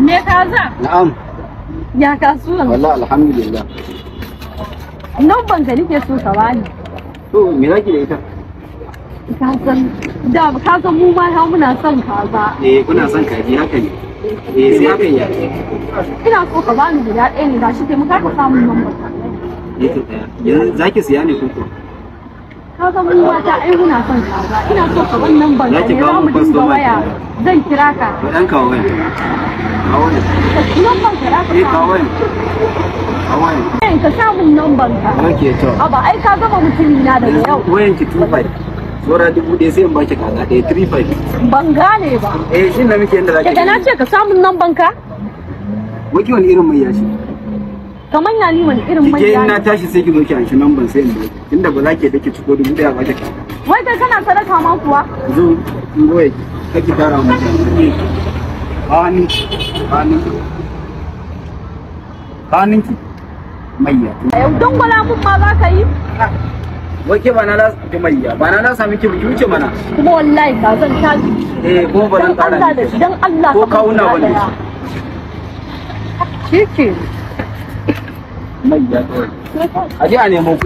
Me kaza? Na'am. Ya kasuwan? Wallahi alhamdulillah. Nan banka nake so ka bani. To me zaki da ita? Ka san da ka san mu ma ha muna son kaza. Eh kuna son kaji haka ne. Eh sai haka ya. Ina so ka bani guda ɗaya ne shi gashi mu ka samu nan banka. Yanzu zaki siya ne kuka? ka ga mu mata ai muna son kaza ina so ka wannan ban ne za mu dinga waya zan kira ka dan ka samu nan eh, ka eh, to aba ai ka gama mutumi na da yau eh, wayan ki 25 Sora dubu ɗaya sai in baki kaza ɗaya 35. Ban gane ba. Eh shi na muke yadda za ka. na ce ka samun nan banka? Waki wani irin mai yashi. to manya ni wani irin manya ne na tashi sai ki zo ki nan ban sai in baki inda ba za ki dake ciko dubu daya ba ki wai kai kana sadaka ma kuwa zo in goye kake tara mu bani bani banin ki mayya yau eh, dangwala mun ma za ka yi wake ba na da kumayya ba na da sami ki biki wuce mana kuma wallahi ka zan tashi eh ko ba zan fara dan Allah ko kauna bane shi ke mai ya kawai a a nemo